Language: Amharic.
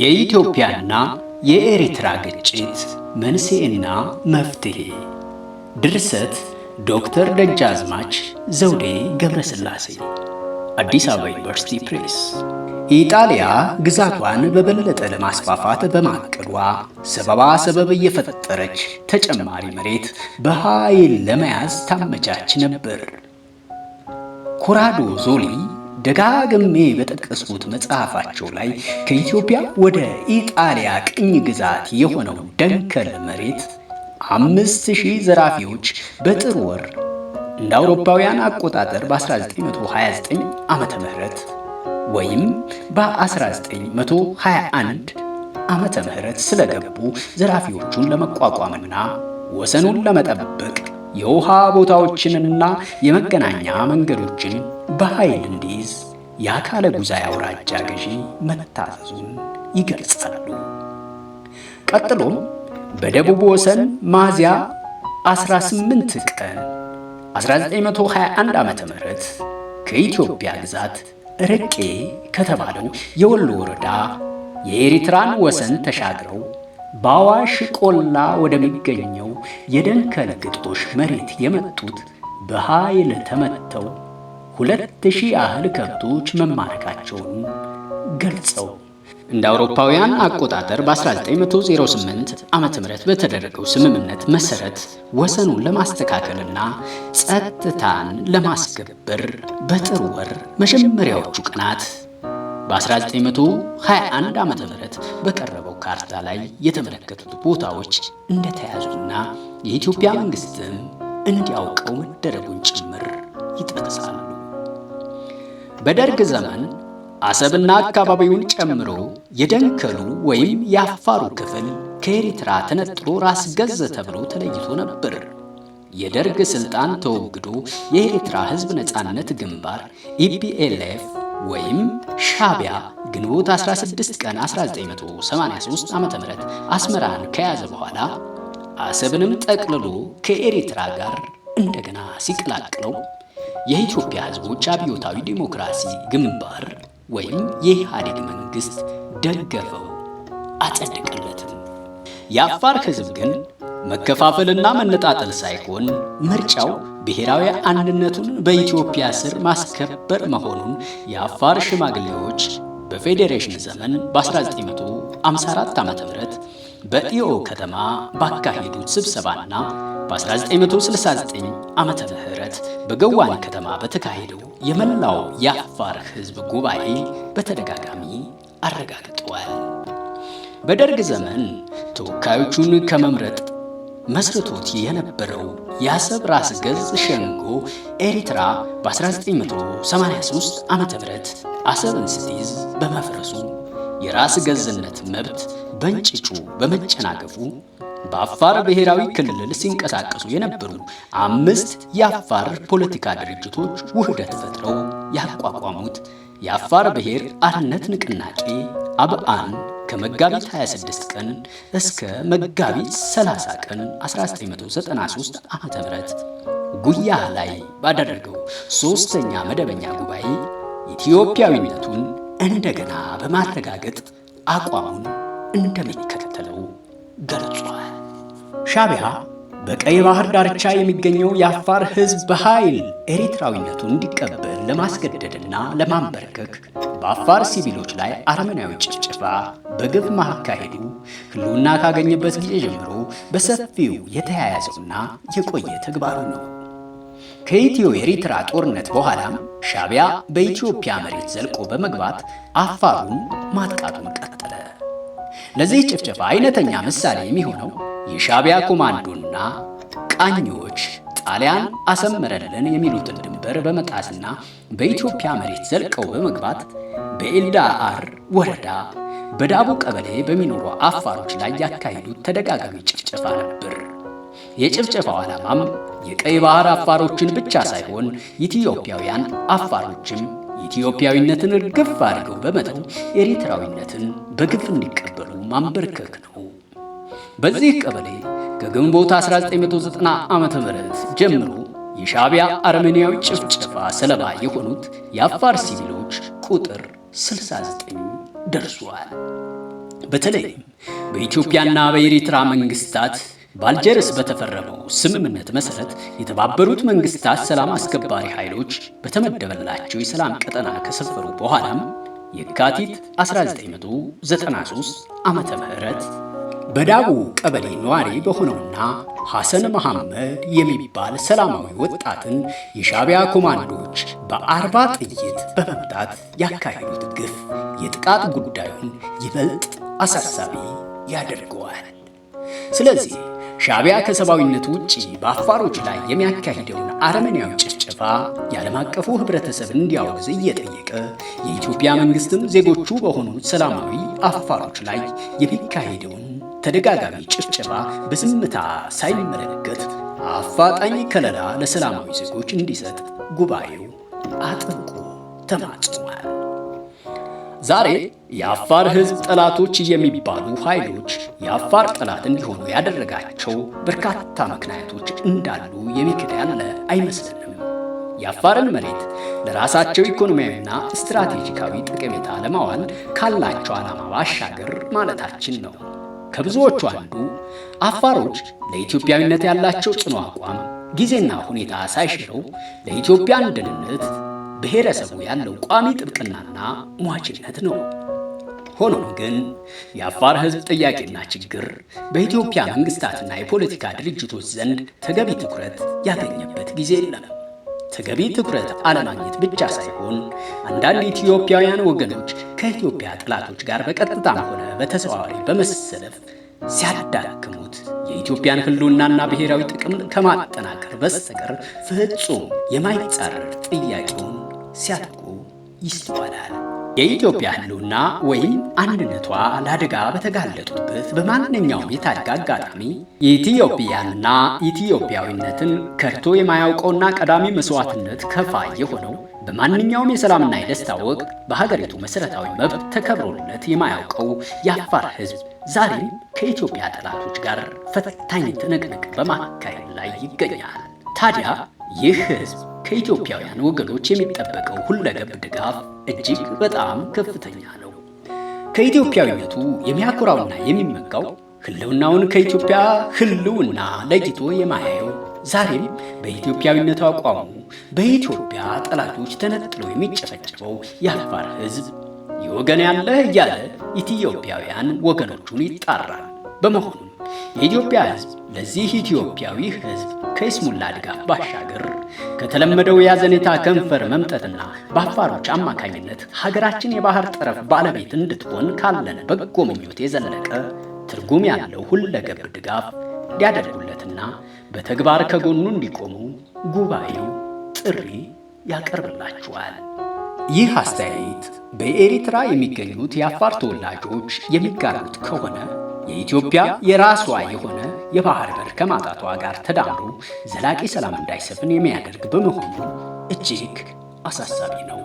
የኢትዮጵያና የኤሪትራ ግጭት መንስኤና መፍትሄ ድርሰት ዶክተር ደጃዝማች ዘውዴ ገብረስላሴ አዲስ አበባ ዩኒቨርሲቲ ፕሬስ። ኢጣሊያ ግዛቷን በበለጠ ለማስፋፋት በማቀዷ ሰበባ ሰበብ እየፈጠረች ተጨማሪ መሬት በኃይል ለመያዝ ታመቻች ነበር። ኮራዶ ዞሊ ደጋግሜ በጠቀስኩት መጽሐፋቸው ላይ ከኢትዮጵያ ወደ ኢጣሊያ ቅኝ ግዛት የሆነው ደንከል መሬት አምስት ሺህ ዘራፊዎች በጥር ወር እንደ አውሮፓውያን አቆጣጠር በ1929 ዓመተ ምህረት ወይም በ1921 ዓመተ ምህረት ስለገቡ ዘራፊዎቹን ለመቋቋምና ወሰኑን ለመጠበቅ የውሃ ቦታዎችንና የመገናኛ መንገዶችን በኃይል እንዲይዝ የአካለ ጉዛይ አውራጃ ገዢ መታዘዙን ይገልጻሉ። ቀጥሎም በደቡብ ወሰን ሚያዝያ 18 ቀን 1921 ዓ.ም ከኢትዮጵያ ግዛት ርቄ ከተባለው የወሎ ወረዳ የኤሪትራን ወሰን ተሻግረው በአዋሽ ቆላ ወደሚገኘው የደንከል ግጦሽ መሬት የመጡት በኃይል ተመተው ሁለት ሺህ ያህል ከብቶች መማረካቸውን ገልጸው እንደ አውሮፓውያን አቆጣጠር በ1908 ዓ ም በተደረገው ስምምነት መሰረት ወሰኑን ለማስተካከልና ጸጥታን ለማስከበር በጥር ወር መጀመሪያዎቹ ቀናት በ1921 ዓ ም በቀረበው ካርታ ላይ የተመለከቱት ቦታዎች እንደተያዙና የኢትዮጵያ መንግስትም እንዲያውቀው መደረጉን ጭምር ይጠቅሳሉ። በደርግ ዘመን አሰብና አካባቢውን ጨምሮ የደንከሉ ወይም የአፋሩ ክፍል ከኤርትራ ተነጥሎ ራስ ገዝ ተብሎ ተለይቶ ነበር። የደርግ ስልጣን ተወግዶ የኤርትራ ሕዝብ ነፃነት ግንባር ኢፒኤልኤፍ ወይም ሻቢያ ግንቦት 16 ቀን 1983 ዓ.ም አስመራን ከያዘ በኋላ አሰብንም ጠቅልሎ ከኤርትራ ጋር እንደገና ሲቀላቅለው የኢትዮጵያ ሕዝቦች አብዮታዊ ዲሞክራሲ ግንባር ወይም የኢህአዴግ መንግስት ደገፈው አጸደቀለትም። የአፋር ሕዝብ ግን መከፋፈልና መነጣጠል ሳይሆን ምርጫው ብሔራዊ አንድነቱን በኢትዮጵያ ስር ማስከበር መሆኑን የአፋር ሽማግሌዎች በፌዴሬሽን ዘመን በ1954 ዓ.ም በኢኦ ከተማ ባካሄዱት ስብሰባና በ1969 ዓመተ ምህረት በገዋን ከተማ በተካሄደው የመላው የአፋር ህዝብ ጉባኤ በተደጋጋሚ አረጋግጠዋል። በደርግ ዘመን ተወካዮቹን ከመምረጥ መስርቶት የነበረው የአሰብ ራስ ገዝ ሸንጎ ኤሪትራ በ1983 ዓ ም አሰብን ስትይዝ በመፍረሱ የራስ ገዝነት መብት በእንጭጩ በመጨናገፉ በአፋር ብሔራዊ ክልል ሲንቀሳቀሱ የነበሩ አምስት የአፋር ፖለቲካ ድርጅቶች ውህደት ፈጥረው ያቋቋሙት የአፋር ብሔር አርነት ንቅናቄ አብአን ከመጋቢት 26 ቀን እስከ መጋቢት 30 ቀን 1993 ዓ.ም ጉያ ላይ ባደረገው ሦስተኛ መደበኛ ጉባኤ ኢትዮጵያዊነቱን እንደገና በማረጋገጥ አቋሙን እንደሚከተለው ገልጿል። ሻቢያ በቀይ ባህር ዳርቻ የሚገኘው የአፋር ሕዝብ በኃይል ኤሪትራዊነቱን እንዲቀበል ለማስገደድና ለማንበርከክ በአፋር ሲቪሎች ላይ አረመናዊ ጭፍጨፋ በግብ ማካሄዱ ህልውና ካገኘበት ጊዜ ጀምሮ በሰፊው የተያያዘውና የቆየ ተግባሩ ነው። ከኢትዮ ኤሪትራ ጦርነት በኋላም ሻቢያ በኢትዮጵያ መሬት ዘልቆ በመግባት አፋሩን ማጥቃቱን ቀጠለ። ለዚህ ጭፍጨፋ አይነተኛ ምሳሌ የሚሆነው የሻቢያ ኮማንዶና ቃኞች ጣሊያን አሰመረልን የሚሉትን ድንበር በመጣስና በኢትዮጵያ መሬት ዘልቀው በመግባት በኤልዳአር ወረዳ በዳቡ ቀበሌ በሚኖሩ አፋሮች ላይ ያካሄዱት ተደጋጋሚ ጭፍጨፋ ነበር። የጭፍጨፋው ዓላማም የቀይ ባህር አፋሮችን ብቻ ሳይሆን ኢትዮጵያውያን አፋሮችም ኢትዮጵያዊነትን ግፍ አድርገው በመተው ኤርትራዊነትን በግፍ እንዲቀበሉ ማንበርከክ ነው። በዚህ ቀበሌ ከግንቦት 1990 ዓ.ም ጀምሮ የሻቢያ አርሜንያዊ ጭፍጨፋ ሰለባ የሆኑት የአፋር ሲቪሎች ቁጥር 69 ደርሷል። በተለይም በኢትዮጵያና በኤርትራ መንግስታት ባልጀርስ በተፈረመው ስምምነት መሰረት የተባበሩት መንግስታት ሰላም አስከባሪ ኃይሎች በተመደበላቸው የሰላም ቀጠና ከሰፈሩ በኋላም የካቲት 1993 ዓ ምህረት በዳቡ ቀበሌ ነዋሪ በሆነውና ሐሰን መሐመድ የሚባል ሰላማዊ ወጣትን የሻቢያ ኮማንዶዎች በአርባ ጥይት በመምታት ያካሄዱት ግፍ የጥቃት ጉዳዩን ይበልጥ አሳሳቢ ያደርገዋል። ስለዚህ ሻቢያ ከሰብአዊነት ውጪ በአፋሮች ላይ የሚያካሂደውን አረመኔያዊ ጭፍጨፋ የዓለም አቀፉ ህብረተሰብ እንዲያወግዝ እየጠየቀ የኢትዮጵያ መንግስትም ዜጎቹ በሆኑ ሰላማዊ አፋሮች ላይ የሚካሄደውን ተደጋጋሚ ጭፍጨፋ በዝምታ ሳይመለከት አፋጣኝ ከለላ ለሰላማዊ ዜጎች እንዲሰጥ ጉባኤው አጥብቆ ተማጽኗል። ዛሬ የአፋር ሕዝብ ጠላቶች የሚባሉ ኃይሎች የአፋር ጠላት እንዲሆኑ ያደረጋቸው በርካታ ምክንያቶች እንዳሉ የሚክድ ያለ አይመስልንም። የአፋርን መሬት ለራሳቸው ኢኮኖሚያዊና ስትራቴጂካዊ ጠቀሜታ ለማዋል ካላቸው ዓላማ ባሻገር ማለታችን ነው። ከብዙዎቹ አንዱ አፋሮች ለኢትዮጵያዊነት ያላቸው ጽኑ አቋም ጊዜና ሁኔታ ሳይሽረው ለኢትዮጵያ አንድነት ብሔረሰቡ ያለው ቋሚ ጥብቅናና ሟችነት ነው። ሆኖም ግን የአፋር ሕዝብ ጥያቄና ችግር በኢትዮጵያ መንግስታትና የፖለቲካ ድርጅቶች ዘንድ ተገቢ ትኩረት ያገኘበት ጊዜ የለም። ተገቢ ትኩረት አለማግኘት ብቻ ሳይሆን አንዳንድ ኢትዮጵያውያን ወገኖች ከኢትዮጵያ ጠላቶች ጋር በቀጥታም ሆነ በተዘዋዋሪ በመሰለፍ ሲያዳክሙት የኢትዮጵያን ህልውናና ብሔራዊ ጥቅም ከማጠናከር በስተቀር ፍጹም የማይጻረር ጥያቄውን ሲያጠቁ ይስተዋላል። የኢትዮጵያ ህልውና ወይም አንድነቷ ለአደጋ በተጋለጡበት በማንኛውም የታሪክ አጋጣሚ የኢትዮጵያንና ኢትዮጵያዊነትን ከርቶ የማያውቀውና ቀዳሚ መስዋዕትነት ከፋ የሆነው በማንኛውም የሰላምና የደስታ ወቅት በሀገሪቱ መሠረታዊ መብት ተከብሮለት የማያውቀው የአፋር ህዝብ ዛሬም ከኢትዮጵያ ጠላቶች ጋር ፈታኝ ትንቅንቅ በማካሄድ ላይ ይገኛል። ታዲያ ይህ ህዝብ ከኢትዮጵያውያን ወገኖች የሚጠበቀው ሁለገብ ድጋፍ እጅግ በጣም ከፍተኛ ነው። ከኢትዮጵያዊነቱ የሚያኮራውና የሚመካው ህልውናውን ከኢትዮጵያ ህልውና ለይቶ የማያየው ዛሬም በኢትዮጵያዊነቱ አቋሙ በኢትዮጵያ ጠላቶች ተነጥሎ የሚጨፈጨፈው የአፋር ህዝብ የወገን ያለህ እያለ ኢትዮጵያውያን ወገኖቹን ይጣራል። በመሆኑ የኢትዮጵያ ሕዝብ ለዚህ ኢትዮጵያዊ ሕዝብ ከይስሙላ ድጋፍ ባሻገር ከተለመደው የአዘኔታ ከንፈር መምጠጥና በአፋሮች አማካኝነት ሀገራችን የባህር ጠረፍ ባለቤት እንድትሆን ካለን በጎ ምኞት የዘለቀ ትርጉም ያለው ሁለገብ ድጋፍ እንዲያደርጉለትና በተግባር ከጎኑ እንዲቆሙ ጉባኤው ጥሪ ያቀርብላችኋል። ይህ አስተያየት በኤሪትራ የሚገኙት የአፋር ተወላጆች የሚጋሩት ከሆነ የኢትዮጵያ የራሷ የሆነ የባህር በር ከማጣቷ ጋር ተዳምሮ ዘላቂ ሰላም እንዳይሰፍን የሚያደርግ በመሆኑ እጅግ አሳሳቢ ነው።